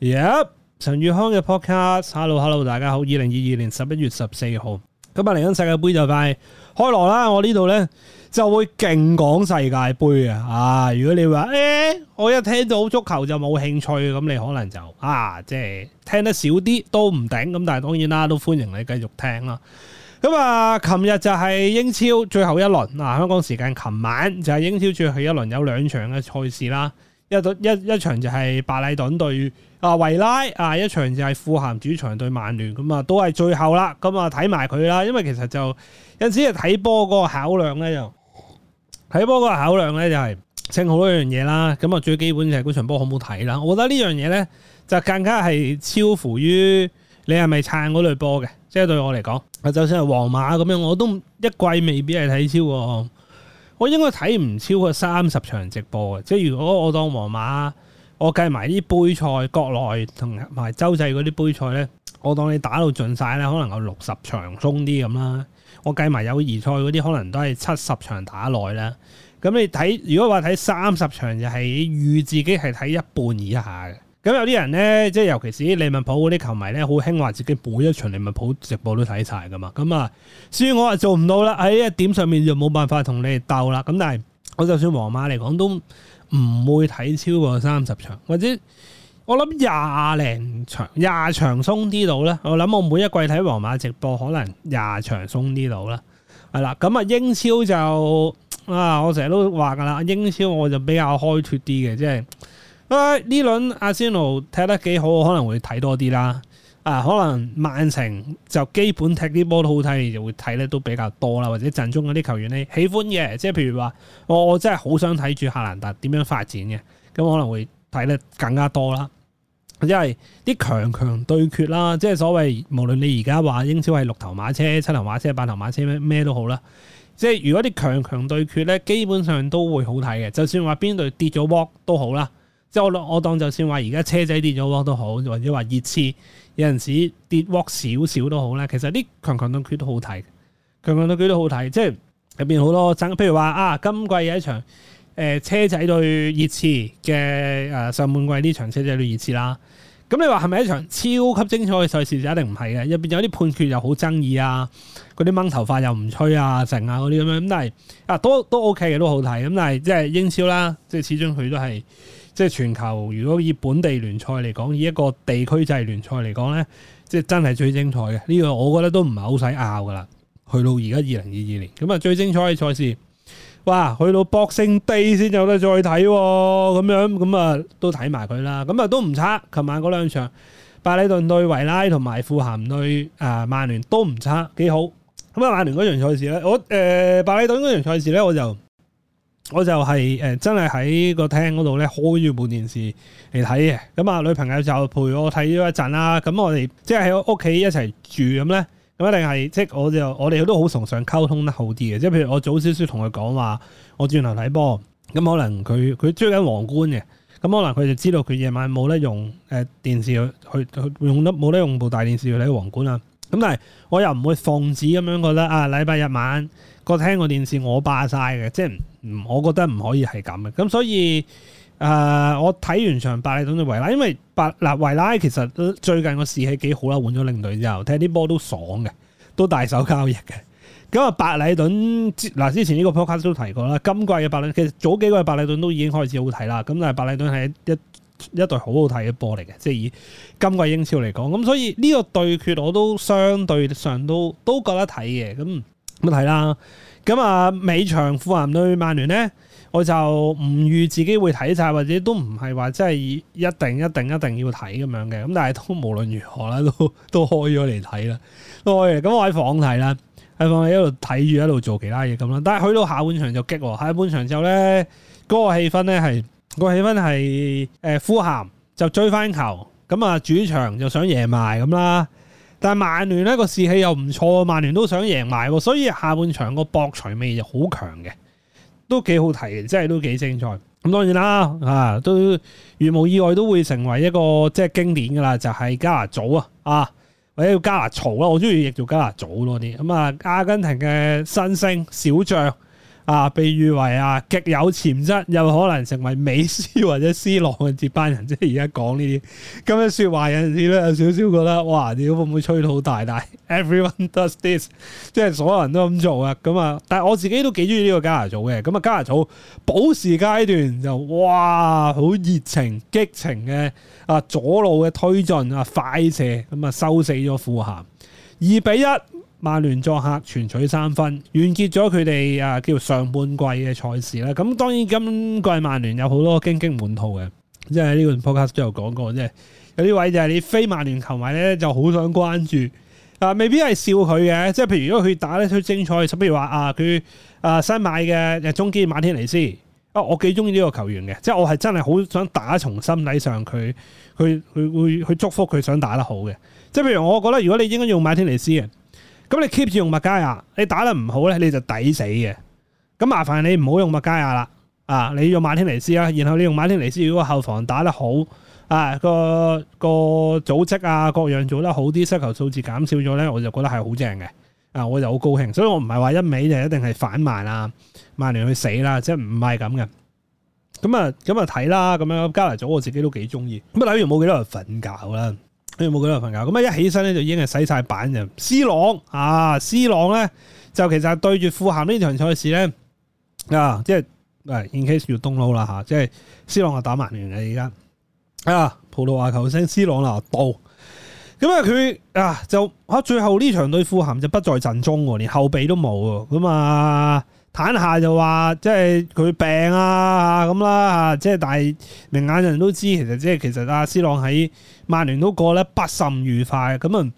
yep 陳宇康嘅 podcast，hello hello，大家好，二零二二年十一月十四號，咁啊，嚟緊世界盃就快開鑼啦！我呢度呢就會勁講世界盃啊！啊，如果你話誒，我一聽到足球就冇興趣，咁你可能就啊，即係聽得少啲都唔頂。咁但係當然啦，都歡迎你繼續聽啦。咁啊，琴日就係英超最後一輪啊，香港時間琴晚就係英超最後一輪有兩場嘅賽事啦。一到一一場就係白禮頓對啊維拉，啊一場就係富咸主場對曼聯。咁啊都係最後啦，咁啊睇埋佢啦，因為其實就有陣時啊睇波嗰個考量咧，就睇波嗰個考量咧就係剩好多樣嘢啦，咁啊最基本就係嗰場波好唔好睇啦，我覺得這件呢樣嘢咧就更加係超乎於你係咪撐嗰類波嘅，即係對我嚟講，啊就算係皇馬咁樣，我都一季未必係睇超喎。我應該睇唔超過三十場直播嘅，即係如果我當皇馬，我計埋啲杯賽、國內同埋洲際嗰啲杯賽呢，我當你打到盡晒呢，可能有六十場鬆啲咁啦。我計埋友誼賽嗰啲，可能都係七十場打內啦。咁你睇，如果話睇三十場，就係預自己係睇一半以下嘅。咁有啲人咧，即係尤其是利物浦嗰啲球迷咧，好興話自己每一場利物浦直播都睇晒噶嘛。咁啊，雖然我啊做唔到啦，喺一點上面就冇辦法同你哋鬥啦。咁但係我就算皇馬嚟講，都唔會睇超過三十場，或者我諗廿零場、廿場鬆啲到啦。我諗我每一季睇皇馬直播，可能廿場鬆啲到啦。係啦，咁啊英超就啊，我成日都話噶啦，英超我就比較開脱啲嘅，即係。呢輪阿仙奴踢得幾好，可能會睇多啲啦。啊，可能曼城就基本踢啲波都好睇，你就會睇咧都比較多啦。或者陣中嗰啲球員咧喜歡嘅，即係譬如話，我我真係好想睇住夏蘭達點樣發展嘅，咁可能會睇得更加多啦。因為係啲強強對決啦，即係所謂無論你而家話英超係六頭馬車、七頭馬車、八頭馬車咩咩都好啦。即係如果啲強強對決咧，基本上都會好睇嘅。就算話邊隊跌咗波都好啦。即我我當就算話而家車仔跌咗鑊都好，或者話熱刺有陣時跌鑊少少都好咧。其實啲強強對決都好睇，強強對決都好睇。即係入邊好多爭，譬如話啊今季有一場誒、呃、車仔對熱刺嘅誒、呃、上半季呢場車仔對熱刺啦。咁你話係咪一場超級精彩嘅賽事？就一定唔係嘅。入邊有啲判決又好爭議啊。嗰啲掹頭髮又唔吹啊，剩啊嗰啲咁樣咁，但係啊都都 OK 嘅，都好睇咁。但係即係英超啦，即係始終佢都係即係全球。如果以本地聯賽嚟講，以一個地區制聯賽嚟講咧，即係真係最精彩嘅。呢、這個我覺得都唔係好使拗㗎喇。去到而家二零二二年，咁啊最精彩嘅賽事，哇！去到 Boxing Day 先有得再睇咁、哦、樣，咁啊都睇埋佢啦。咁啊都唔差。琴晚嗰兩場，巴里頓對維拉同埋富咸對啊、呃、曼聯都唔差，幾好。咁啊，曼聯嗰樣賽事咧，我誒、呃，白里頓嗰樣賽事咧，我就，我就係、是、誒、呃，真係喺個廳嗰度咧，開住部電視嚟睇嘅。咁啊，女朋友就陪我睇咗一陣啦、啊。咁我哋即係喺屋企一齊住咁咧，咁一定係即係，我就我哋都好崇尚溝通得好啲嘅。即係譬如我早少少同佢講話，我轉頭睇波，咁可能佢佢追緊王冠嘅，咁可能佢就知道佢夜晚冇得用誒電視去去用得冇得用部大電視去睇王冠啊。咁但係，我又唔會奉旨咁樣覺得啊，禮拜日晚個廳個電視我霸晒嘅，即係唔，我覺得唔可以係咁嘅。咁所以誒、呃，我睇完場百利頓對維拉，因為百嗱、啊、維拉其實最近個士氣幾好啦，換咗領隊之後，踢啲波都爽嘅，都大手交易嘅。咁啊，百利頓之嗱之前呢個 Podcast 都提過啦，今季嘅百利頓其實早幾個月百利頓都已經開始好睇啦。咁但係百利頓係一一對好好睇嘅波嚟嘅，即係以今季英超嚟講，咁所以呢個對決我都相對上都都覺得睇嘅，咁咁睇啦。咁啊，尾場富咸對曼聯呢，我就唔預自己會睇晒，或者都唔係話即係一定一定一定要睇咁樣嘅，咁但係都無論如何啦，都都開咗嚟睇啦，開嚟。咁我喺房睇啦，喺房喺度睇住，喺度做其他嘢咁啦。但係去到下半場就激喎，下半場之後呢，嗰、那個氣氛呢係。個氣氛係誒、呃、呼喊，就追翻球，咁啊主場就想贏埋咁啦。但係曼聯呢個士氣又唔錯，曼聯都想贏埋，所以下半場個博取味就好強嘅，都幾好睇嘅，真係都幾精彩。咁當然啦，啊都如無意外都會成為一個即係經典噶啦，就係、是、加拿祖啊，啊或者叫加拿曹啦，我中意譯做加拿祖多啲。咁啊，阿根廷嘅新星小將。啊，被譽為啊極有潛質，又可能成為美斯或者 C 朗嘅接班人，即係而家講呢啲咁樣説話，有陣時咧有少少覺得，哇！你會唔會吹到好大大？但係 everyone does this，即係所有人都咁做啊。」咁啊。但係我自己都幾中意呢個加拿祖嘅。咁、嗯、啊，加拿祖保時階段就哇，好熱情激情嘅啊，左路嘅推進啊，快射咁啊，收死咗富咸二比一。曼聯作客全取三分，完結咗佢哋啊，叫做上半季嘅賽事啦。咁、啊、當然今季曼聯有好多荊棘滿途嘅，即係呢個 podcast 都有講過，即係有啲位置就係你非曼聯球迷咧，就好想關注啊，未必係笑佢嘅。即係譬如如果佢打得出精彩，譬如話啊佢啊新買嘅中堅馬天尼斯，啊我幾中意呢個球員嘅，即係我係真係好想打從心底上佢，佢，佢會去祝福佢想打得好嘅。即係譬如我覺得如果你應該用馬天尼斯。咁你 keep 住用麥加亞，你打得唔好咧，你就抵死嘅。咁麻煩你唔好用麥加亞啦，啊，你用馬天尼斯啦，然後你用馬天尼斯，如果後防打得好，啊，個個組織啊，各樣做得好啲，失球數字減少咗咧，我就覺得係好正嘅，啊，我就好高興。所以我唔係話一味就一定係反曼，曼啊，曼聯去死啦，即係唔係咁嘅。咁啊，咁啊睇啦，咁樣加拿祖我自己都幾中意。咁啊，例如冇幾多人瞓覺啦。你住冇幾多朋友，咁啊一起身咧就已經係洗晒板人。C 朗啊，C 朗咧就其實對住富咸呢場賽事咧，啊即係 in case 要冬撈啦吓，即係 C 朗打啊打萬年嘅，而家啊葡萄牙球星 C 朗拿到。咁啊佢啊就啊最後呢場對富咸就不在陣中喎，連後備都冇喎，咁啊～坦下就話，即係佢病啊咁啦嚇，即係，但係明眼人都知，其實即係其實阿 C 朗喺曼聯都過得不甚愉快。咁啊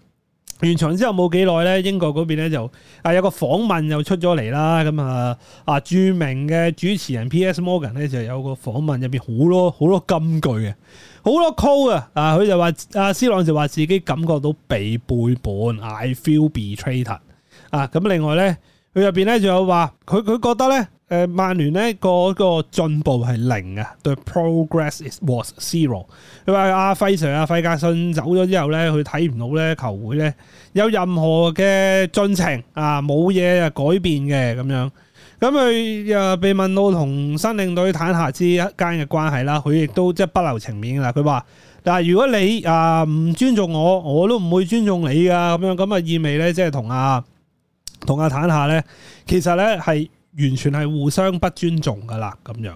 完場之後冇幾耐咧，英國嗰邊咧就啊有個訪問又出咗嚟啦。咁啊啊著名嘅主持人 P.S. Morgan 咧就有個訪問，入邊好多好多金句嘅，好多 call 啊！啊佢就話阿 C 朗就話自己感覺到被背叛，I feel betrayed 啊！咁另外咧。佢入邊咧，仲有話，佢佢覺得咧，誒，曼聯咧個個進步係零啊，對 progress is worth zero。佢話阿費 Sir、阿費格遜走咗之後咧，佢睇唔到咧球會咧有任何嘅進程啊，冇嘢啊改變嘅咁樣。咁佢又被問到同新領隊坦克之間嘅關係啦，佢亦都即係不留情面啦。佢話但係，如果你啊唔尊重我，我都唔會尊重你噶咁樣。咁啊意味咧，即係同阿。同阿坦下咧，其實咧係完全係互相不尊重噶啦，咁樣。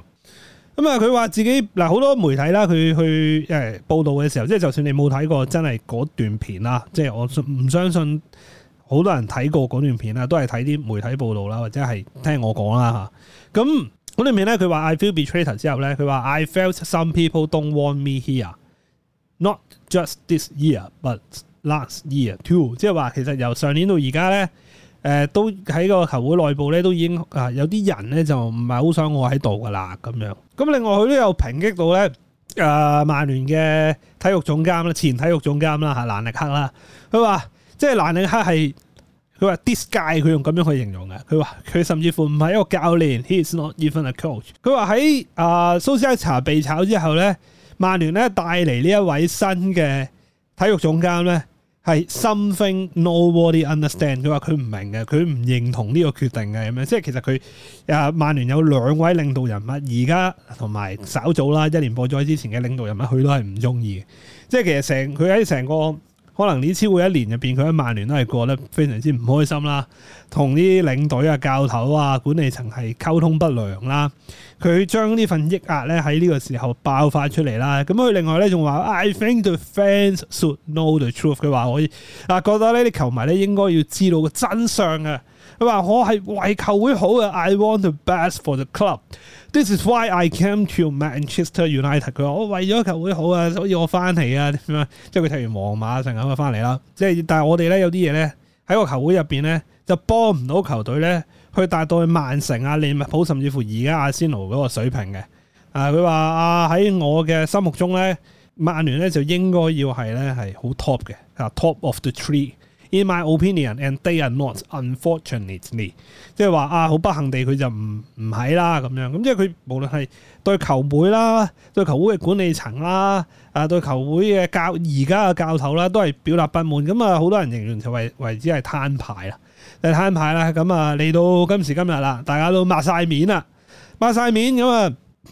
咁啊，佢話自己嗱好多媒體啦，佢去誒報道嘅時候，即係就算你冇睇過，真係嗰段片啦，即係我唔相信好多人睇過嗰段片啦，都係睇啲媒體報道啦，或者係聽我講啦嚇。咁嗰段片咧，佢話 I feel betrayed 之後咧，佢話 I felt some people don't want me here, not just this year but last year too。即係話其實由上年到而家咧。誒、呃、都喺個球會內部咧，都已經啊有啲人咧就唔係好想我喺度噶啦咁樣。咁另外佢都有抨擊到咧，誒、呃、曼聯嘅體育總監啦，前體育總監啦嚇、啊、蘭尼克啦。佢話即係蘭尼克係佢話 this guy，佢用咁樣去形容嘅。佢話佢甚至乎唔係一個教練 he is not even a coach。佢話喺啊蘇斯克查被炒之後咧，曼聯咧帶嚟呢一位新嘅體育總監咧。係 something nobody understand 他他。佢話佢唔明嘅，佢唔認同呢個決定嘅咁樣。即係其實佢啊，曼聯有兩位領導人物，而家同埋稍早啦，一年播咗之前嘅領導人物，佢都係唔中意。嘅。即係其實成佢喺成個。可能呢超過一年入面，佢喺曼聯都係過得非常之唔開心啦，同啲領隊啊、教頭啊、管理層係溝通不良啦，佢將呢份抑壓咧喺呢個時候爆發出嚟啦。咁佢另外咧仲話，I think the fans should know the truth。佢話我啊覺得呢啲球迷咧應該要知道個真相啊。佢話：我係為球會好嘅 I want the best for the club. This is why I came to Manchester United. 佢話：我為咗球會好啊，所以我翻嚟啊。即係佢踢完皇馬成日咁啊翻嚟啦。即係但係我哋咧有啲嘢咧喺個球會入邊，咧就幫唔到球隊咧去達到去曼城啊、利物浦甚至乎而家阿仙奴嗰個水平嘅。啊，佢話啊喺我嘅心目中咧，曼聯咧就應該要係咧係好 top 嘅啊，top of the tree。In my opinion, and they are not, unfortunately，即係話啊，好不幸地佢就唔唔喺啦咁樣。咁即係佢無論係對球會啦，對球會嘅管理層啦，啊，對球會嘅教而家嘅教頭啦，都係表達不滿。咁啊，好多人仍然為為之係攤牌啦，即係攤牌啦。咁啊，嚟到今時今日啦，大家都抹晒面啦，抹晒面咁啊，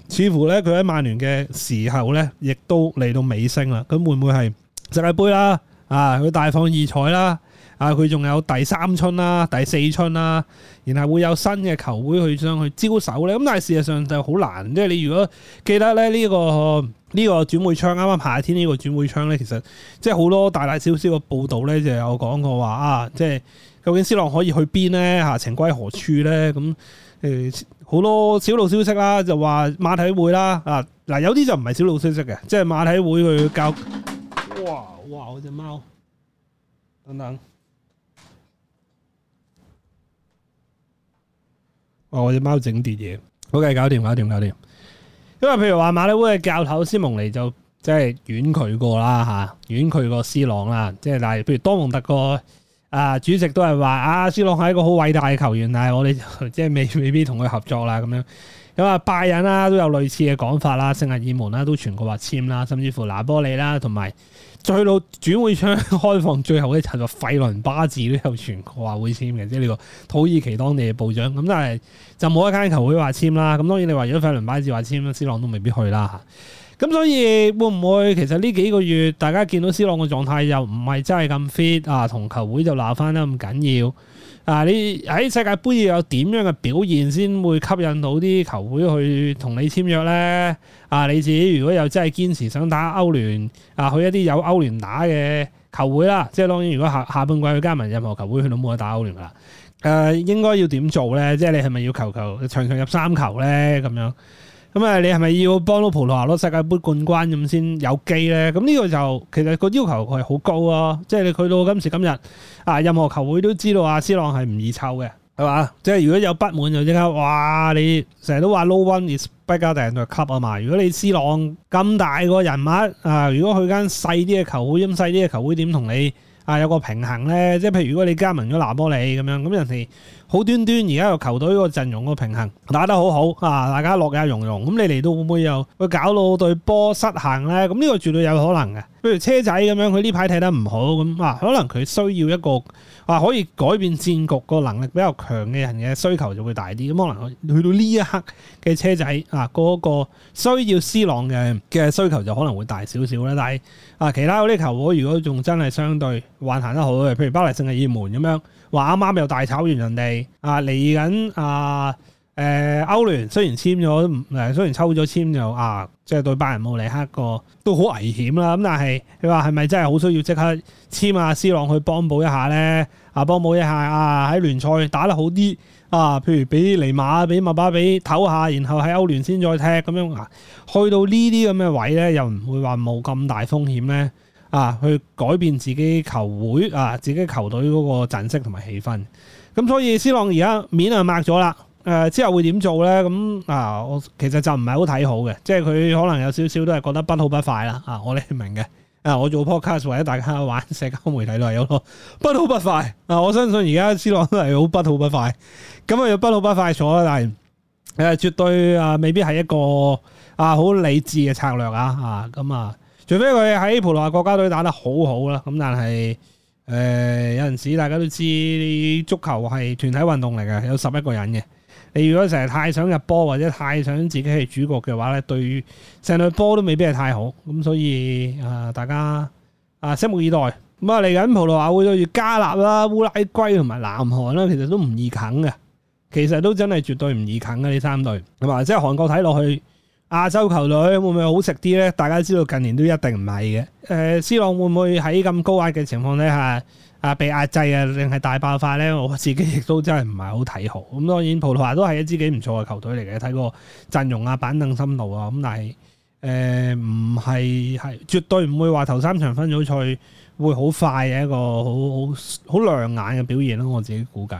似乎咧佢喺曼聯嘅時候咧，亦都嚟到尾聲啦。咁會唔會係世界杯啦？啊，佢大放異彩啦。啊！佢仲有第三春啦，啊，第四春啦，啊，然後會有新嘅球會去上去招手咧。咁但係事實上就好難，即係你如果記得咧、這、呢個呢、呃這個轉會窗啱啱夏天呢個轉會窗咧，其實即係好多大大小小嘅報道咧，啊，就有講過話啊，即係究竟斯朗可以去邊呢？吓、啊？情歸何處呢？嗯、咁、呃、誒，好多小路消息啦，啊，就話馬體會啦啊！嗱、啊，有啲就唔係小路消息嘅，即、就、係、是、馬體會去教。哇哇！我隻貓等等。哦！我隻貓整跌嘢，好、okay, 嘅，搞掂，搞掂，搞掂。因為譬如話馬里烏嘅教頭斯蒙尼就即係遠佢過啦吓，遠佢過斯朗啦。即係但係譬如多蒙特個啊主席都係話啊，斯朗係一個好偉大嘅球員，但係我哋即係未未必同佢合作啦咁樣。咁啊拜仁啦都有類似嘅講法啦，聖日爾門啦都全過話簽啦，甚至乎拿波利啦同埋。最到轉會窗開放最後一集就費倫巴治都有傳話會簽嘅，即係呢個土耳其當地嘅部長。咁但係就冇一間球會話簽啦。咁當然你話如果費倫巴治話簽，斯朗都未必去啦吓。咁所以會唔會其實呢幾個月大家見到 C 朗嘅狀態又唔係真係咁 fit 啊，同球會就鬧翻得咁緊要啊？你喺世界盃要有點樣嘅表現先會吸引到啲球會去同你簽約呢？啊，你自己如果又真係堅持想打歐聯啊，去一啲有歐聯打嘅球會啦，啊，即係當然如果下下半季去加盟任何球會，佢都冇得打歐聯噶啦。誒，啊，應該要點做呢？即係你係咪要球球場場入三球呢？咁樣？咁、嗯、啊，你係咪要幫到葡萄牙攞世界盃冠軍咁先有機咧？咁、嗯、呢、這個就其實個要求係好高啊。即係你去到今時今日，啊任何球會都知道阿斯朗係唔易湊嘅，係嘛？即係如果有不滿就即刻哇！你成日都話 No one is bigger than the club 啊嘛。如果你斯朗咁大個人物啊，如果去間細啲嘅球會，咁細啲嘅球會點同你啊有個平衡咧？即係譬如如果你加盟咗拿波利咁樣，咁人哋。好端端而家個球隊個陣容個平衡打得好好啊，大家樂也融融。咁你嚟到會唔會又會搞到對波失衡呢？咁呢個絕對有可能嘅。譬如車仔咁樣，佢呢排踢得唔好咁啊，可能佢需要一個啊可以改變戰局個能力比較強嘅人嘅需求就會大啲。咁可能去到呢一刻嘅車仔啊，嗰個需要 C 朗嘅嘅需求就可能會大少少，但係啊，其他嗰啲球會如果仲真係相對還行得好，譬如巴黎聖日耳門咁樣。話啱啱又大炒完人哋啊！嚟緊啊！誒、呃、歐聯雖然簽咗，誒雖然抽咗簽又啊，即、就、係、是、對拜仁慕尼黑個都好危險啦。咁但係你話係咪真係好需要即刻簽阿、啊、斯朗去幫補一下咧？啊幫補一下啊！喺聯賽打得好啲啊，譬如俾尼馬、俾麥巴、俾唞下，然後喺歐聯先再踢咁樣啊。去到呢啲咁嘅位咧，又唔會話冇咁大風險咧。啊！去改變自己球會啊，自己球隊嗰個陣式同埋氣氛。咁所以斯朗而家面啊抹咗啦。誒、呃、之後會點做咧？咁啊，我其實就唔係好睇好嘅。即係佢可能有少少都係覺得不吐不快啦。啊，我哋唔明嘅。啊，我做 podcast 或者大家玩社交媒體都係有個不吐不快。啊，我相信而家斯朗都係好不吐不快。咁啊，要不吐不快坐喺度，但係誒絕對啊，未必係一個啊好理智嘅策略啊。啊，咁啊。啊除非佢喺葡萄牙國家隊打得好好啦，咁但係誒、呃、有陣時大家都知道足球係團體運動嚟嘅，有十一個人嘅。你如果成日太想入波或者太想自己係主角嘅話咧，對於成隊波都未必係太好。咁所以啊、呃，大家啊，拭目以待。咁啊嚟緊葡萄牙會對住加納啦、烏拉圭同埋南韓啦，其實都唔易啃嘅。其實都真係絕對唔易啃嘅呢三隊。同埋即係韓國睇落去。亞洲球隊會唔會好食啲呢？大家知道近年都一定唔係嘅。誒、呃，斯朗會唔會喺咁高壓嘅情況底下，啊，被壓制啊，定係大爆發呢？我自己亦都真係唔係好睇好。咁當然葡萄牙都係一支幾唔錯嘅球隊嚟嘅，睇個陣容啊，板凳深度啊。咁但係誒，唔係係絕對唔會話頭三場分組賽會好快嘅一個好好好亮眼嘅表現咯、啊。我自己估計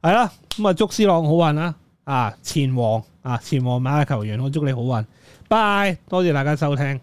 係啦。咁啊，祝斯朗好運啦！啊，前皇啊，前皇馬嘅球員，我祝你好運，拜，多謝大家收聽。